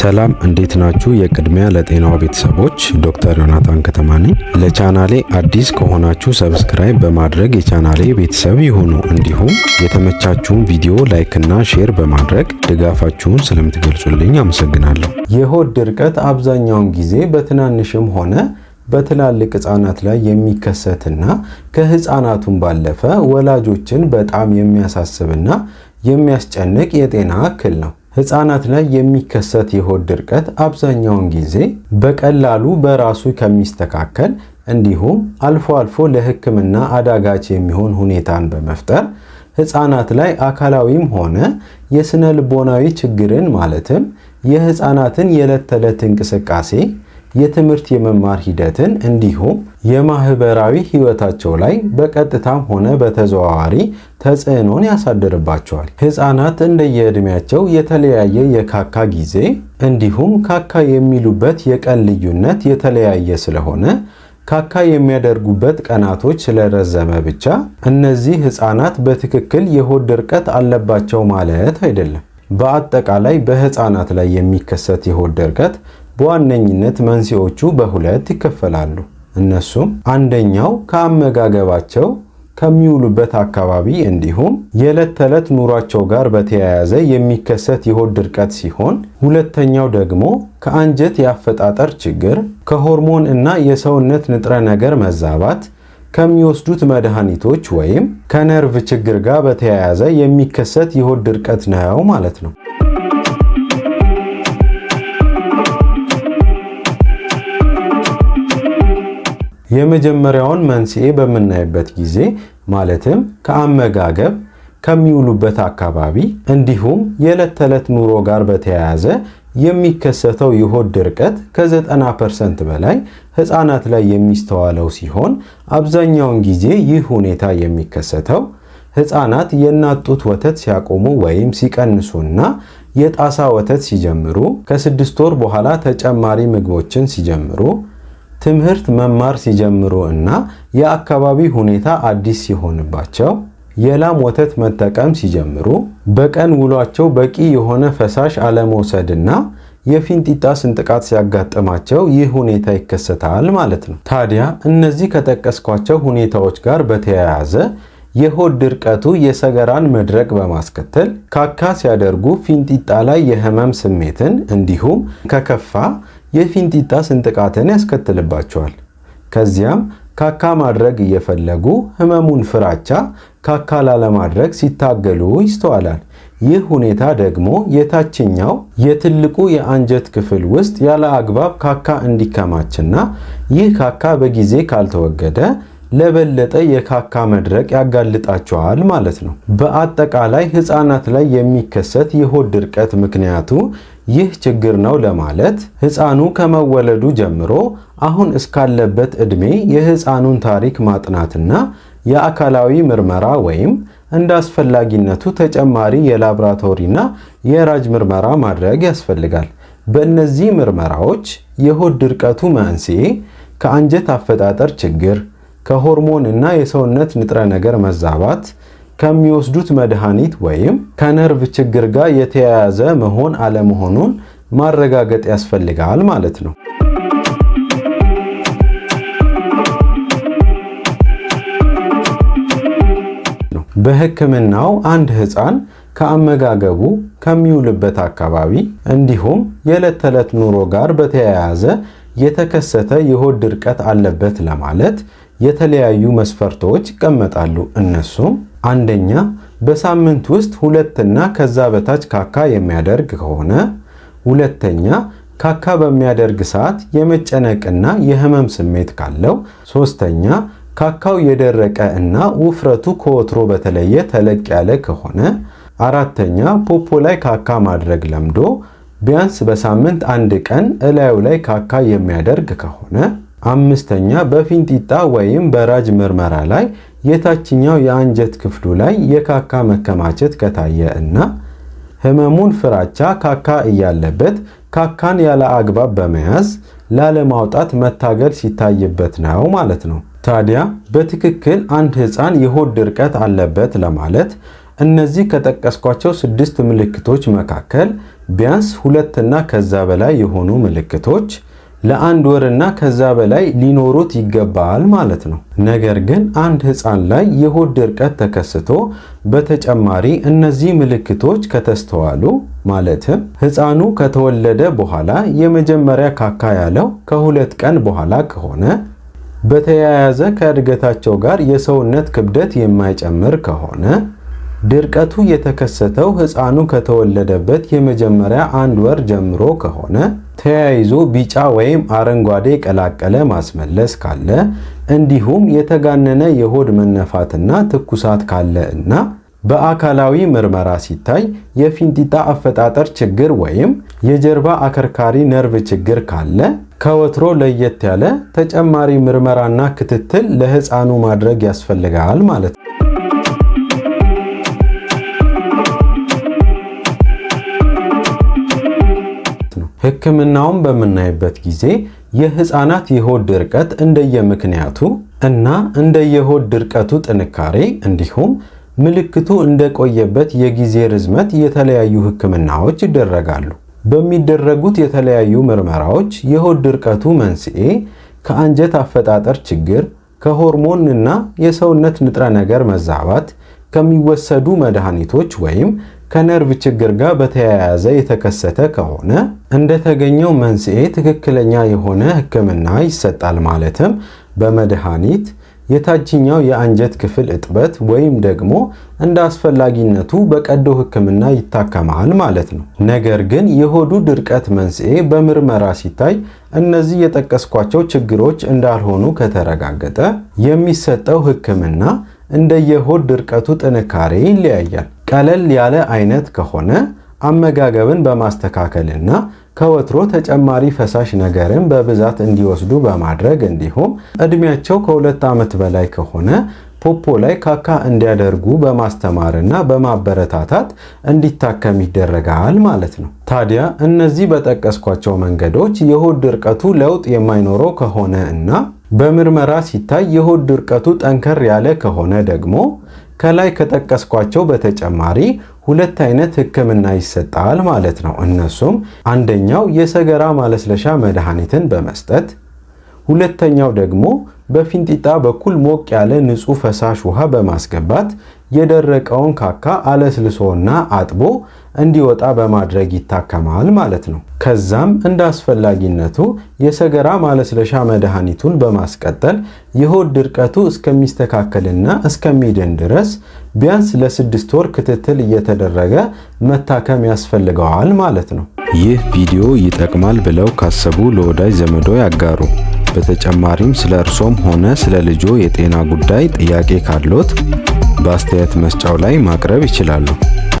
ሰላም እንዴት ናችሁ? የቅድሚያ ለጤናዋ ቤተሰቦች ዶክተር ዮናታን ከተማ ነኝ። ለቻናሌ አዲስ ከሆናችሁ ሰብስክራይብ በማድረግ የቻናሌ ቤተሰብ ይሁኑ። እንዲሁም የተመቻችሁን ቪዲዮ ላይክና ሼር በማድረግ ድጋፋችሁን ስለምትገልጹልኝ አመሰግናለሁ። የሆድ ድርቀት አብዛኛውን ጊዜ በትናንሽም ሆነ በትላልቅ ህጻናት ላይ የሚከሰትና ከህፃናቱም ባለፈ ወላጆችን በጣም የሚያሳስብና የሚያስጨንቅ የጤና እክል ነው። ህፃናት ላይ የሚከሰት የሆድ ድርቀት አብዛኛውን ጊዜ በቀላሉ በራሱ ከሚስተካከል እንዲሁም አልፎ አልፎ ለህክምና አዳጋች የሚሆን ሁኔታን በመፍጠር ህፃናት ላይ አካላዊም ሆነ የስነ ልቦናዊ ችግርን ማለትም የህፃናትን የዕለት ተዕለት እንቅስቃሴ የትምህርት የመማር ሂደትን እንዲሁም የማህበራዊ ህይወታቸው ላይ በቀጥታም ሆነ በተዘዋዋሪ ተጽዕኖን ያሳድርባቸዋል። ህፃናት እንደየዕድሜያቸው የተለያየ የካካ ጊዜ እንዲሁም ካካ የሚሉበት የቀን ልዩነት የተለያየ ስለሆነ ካካ የሚያደርጉበት ቀናቶች ስለረዘመ ብቻ እነዚህ ህፃናት በትክክል የሆድ ድርቀት አለባቸው ማለት አይደለም። በአጠቃላይ በህፃናት ላይ የሚከሰት የሆድ ድርቀት በዋነኝነት መንስኤዎቹ በሁለት ይከፈላሉ። እነሱም አንደኛው ከአመጋገባቸው ከሚውሉበት አካባቢ እንዲሁም የዕለት ተዕለት ኑሯቸው ጋር በተያያዘ የሚከሰት የሆድ ድርቀት ሲሆን ሁለተኛው ደግሞ ከአንጀት የአፈጣጠር ችግር፣ ከሆርሞን እና የሰውነት ንጥረ ነገር መዛባት፣ ከሚወስዱት መድኃኒቶች ወይም ከነርቭ ችግር ጋር በተያያዘ የሚከሰት የሆድ ድርቀት ነው ማለት ነው። የመጀመሪያውን መንስኤ በምናይበት ጊዜ ማለትም ከአመጋገብ ከሚውሉበት አካባቢ እንዲሁም የዕለት ተዕለት ኑሮ ጋር በተያያዘ የሚከሰተው የሆድ ድርቀት ከ90 ፐርሰንት በላይ ሕፃናት ላይ የሚስተዋለው ሲሆን አብዛኛውን ጊዜ ይህ ሁኔታ የሚከሰተው ሕፃናት የእናት ጡት ወተት ሲያቆሙ ወይም ሲቀንሱና የጣሳ ወተት ሲጀምሩ፣ ከስድስት ወር በኋላ ተጨማሪ ምግቦችን ሲጀምሩ፣ ትምህርት መማር ሲጀምሩ እና የአካባቢ ሁኔታ አዲስ ሲሆንባቸው የላም ወተት መጠቀም ሲጀምሩ በቀን ውሏቸው በቂ የሆነ ፈሳሽ አለመውሰድና የፊንጢጣ ስንጥቃት ሲያጋጥማቸው ይህ ሁኔታ ይከሰታል ማለት ነው። ታዲያ እነዚህ ከጠቀስኳቸው ሁኔታዎች ጋር በተያያዘ የሆድ ድርቀቱ የሰገራን መድረቅ በማስከተል ካካ ሲያደርጉ ፊንጢጣ ላይ የህመም ስሜትን እንዲሁም ከከፋ የፊንጢጣ ስንጥቃትን ያስከትልባቸዋል። ከዚያም ካካ ማድረግ እየፈለጉ ህመሙን ፍራቻ ካካ ላለማድረግ ሲታገሉ ይስተዋላል። ይህ ሁኔታ ደግሞ የታችኛው የትልቁ የአንጀት ክፍል ውስጥ ያለ አግባብ ካካ እንዲከማችና ይህ ካካ በጊዜ ካልተወገደ ለበለጠ የካካ መድረቅ ያጋልጣቸዋል ማለት ነው። በአጠቃላይ ህፃናት ላይ የሚከሰት የሆድ ድርቀት ምክንያቱ ይህ ችግር ነው ለማለት ሕፃኑ ከመወለዱ ጀምሮ አሁን እስካለበት ዕድሜ የሕፃኑን ታሪክ ማጥናትና የአካላዊ ምርመራ ወይም እንደ አስፈላጊነቱ ተጨማሪ የላብራቶሪና የራጅ ምርመራ ማድረግ ያስፈልጋል። በእነዚህ ምርመራዎች የሆድ ድርቀቱ መንስኤ ከአንጀት አፈጣጠር ችግር፣ ከሆርሞን እና የሰውነት ንጥረ ነገር መዛባት ከሚወስዱት መድኃኒት ወይም ከነርቭ ችግር ጋር የተያያዘ መሆን አለመሆኑን ማረጋገጥ ያስፈልጋል ማለት ነው። በሕክምናው አንድ ሕፃን ከአመጋገቡ ከሚውልበት አካባቢ እንዲሁም የዕለት ተዕለት ኑሮ ጋር በተያያዘ የተከሰተ የሆድ ድርቀት አለበት ለማለት የተለያዩ መስፈርቶች ይቀመጣሉ። እነሱም አንደኛ በሳምንት ውስጥ ሁለትና ከዛ በታች ካካ የሚያደርግ ከሆነ፣ ሁለተኛ ካካ በሚያደርግ ሰዓት የመጨነቅና የህመም ስሜት ካለው፣ ሶስተኛ ካካው የደረቀ እና ውፍረቱ ከወትሮ በተለየ ተለቅ ያለ ከሆነ፣ አራተኛ ፖፖ ላይ ካካ ማድረግ ለምዶ ቢያንስ በሳምንት አንድ ቀን እላዩ ላይ ካካ የሚያደርግ ከሆነ አምስተኛ በፊንጢጣ ወይም በራጅ ምርመራ ላይ የታችኛው የአንጀት ክፍሉ ላይ የካካ መከማቸት ከታየ እና ህመሙን ፍራቻ ካካ እያለበት ካካን ያለ አግባብ በመያዝ ላለማውጣት መታገል ሲታይበት ነው ማለት ነው። ታዲያ በትክክል አንድ ህፃን የሆድ ድርቀት አለበት ለማለት እነዚህ ከጠቀስኳቸው ስድስት ምልክቶች መካከል ቢያንስ ሁለትና ከዛ በላይ የሆኑ ምልክቶች ለአንድ ወርና ከዛ በላይ ሊኖሩት ይገባል ማለት ነው። ነገር ግን አንድ ህፃን ላይ የሆድ ድርቀት ተከስቶ በተጨማሪ እነዚህ ምልክቶች ከተስተዋሉ ማለትም ህፃኑ ከተወለደ በኋላ የመጀመሪያ ካካ ያለው ከሁለት ቀን በኋላ ከሆነ በተያያዘ ከእድገታቸው ጋር የሰውነት ክብደት የማይጨምር ከሆነ ድርቀቱ የተከሰተው ህፃኑ ከተወለደበት የመጀመሪያ አንድ ወር ጀምሮ ከሆነ ተያይዞ ቢጫ ወይም አረንጓዴ ቀላቀለ ማስመለስ ካለ እንዲሁም የተጋነነ የሆድ መነፋትና ትኩሳት ካለ እና በአካላዊ ምርመራ ሲታይ የፊንጢጣ አፈጣጠር ችግር ወይም የጀርባ አከርካሪ ነርቭ ችግር ካለ ከወትሮ ለየት ያለ ተጨማሪ ምርመራና ክትትል ለህፃኑ ማድረግ ያስፈልጋል ማለት ነው። ህክምናውን በምናይበት ጊዜ የህፃናት የሆድ ድርቀት እንደየምክንያቱ እና እንደየሆድ ድርቀቱ ጥንካሬ እንዲሁም ምልክቱ እንደቆየበት የጊዜ ርዝመት የተለያዩ ህክምናዎች ይደረጋሉ። በሚደረጉት የተለያዩ ምርመራዎች የሆድ ድርቀቱ መንስኤ ከአንጀት አፈጣጠር ችግር፣ ከሆርሞን እና የሰውነት ንጥረ ነገር መዛባት፣ ከሚወሰዱ መድኃኒቶች ወይም ከነርቭ ችግር ጋር በተያያዘ የተከሰተ ከሆነ እንደተገኘው መንስኤ ትክክለኛ የሆነ ሕክምና ይሰጣል። ማለትም በመድኃኒት፣ የታችኛው የአንጀት ክፍል እጥበት ወይም ደግሞ እንደ አስፈላጊነቱ በቀዶ ሕክምና ይታከማል ማለት ነው። ነገር ግን የሆዱ ድርቀት መንስኤ በምርመራ ሲታይ እነዚህ የጠቀስኳቸው ችግሮች እንዳልሆኑ ከተረጋገጠ የሚሰጠው ሕክምና እንደየሆድ ድርቀቱ ጥንካሬ ይለያያል። ቀለል ያለ አይነት ከሆነ አመጋገብን በማስተካከልና ከወትሮ ተጨማሪ ፈሳሽ ነገርን በብዛት እንዲወስዱ በማድረግ እንዲሁም እድሜያቸው ከሁለት ዓመት በላይ ከሆነ ፖፖ ላይ ካካ እንዲያደርጉ በማስተማርና በማበረታታት እንዲታከም ይደረጋል ማለት ነው። ታዲያ እነዚህ በጠቀስኳቸው መንገዶች የሆድ ድርቀቱ ለውጥ የማይኖረው ከሆነ እና በምርመራ ሲታይ የሆድ ድርቀቱ ጠንከር ያለ ከሆነ ደግሞ ከላይ ከጠቀስኳቸው በተጨማሪ ሁለት አይነት ህክምና ይሰጣል ማለት ነው። እነሱም አንደኛው የሰገራ ማለስለሻ መድኃኒትን በመስጠት ሁለተኛው ደግሞ በፊንጢጣ በኩል ሞቅ ያለ ንጹህ ፈሳሽ ውሃ በማስገባት የደረቀውን ካካ አለስልሶና አጥቦ እንዲወጣ በማድረግ ይታከማል ማለት ነው። ከዛም እንደ አስፈላጊነቱ የሰገራ ማለስለሻ መድኃኒቱን በማስቀጠል የሆድ ድርቀቱ እስከሚስተካከልና እስከሚድን ድረስ ቢያንስ ለስድስት ወር ክትትል እየተደረገ መታከም ያስፈልገዋል ማለት ነው። ይህ ቪዲዮ ይጠቅማል ብለው ካሰቡ ለወዳጅ ዘመዶ ያጋሩ። በተጨማሪም ስለ እርሶም ሆነ ስለ ልጆ የጤና ጉዳይ ጥያቄ ካሎት በአስተያየት መስጫው ላይ ማቅረብ ይችላሉ።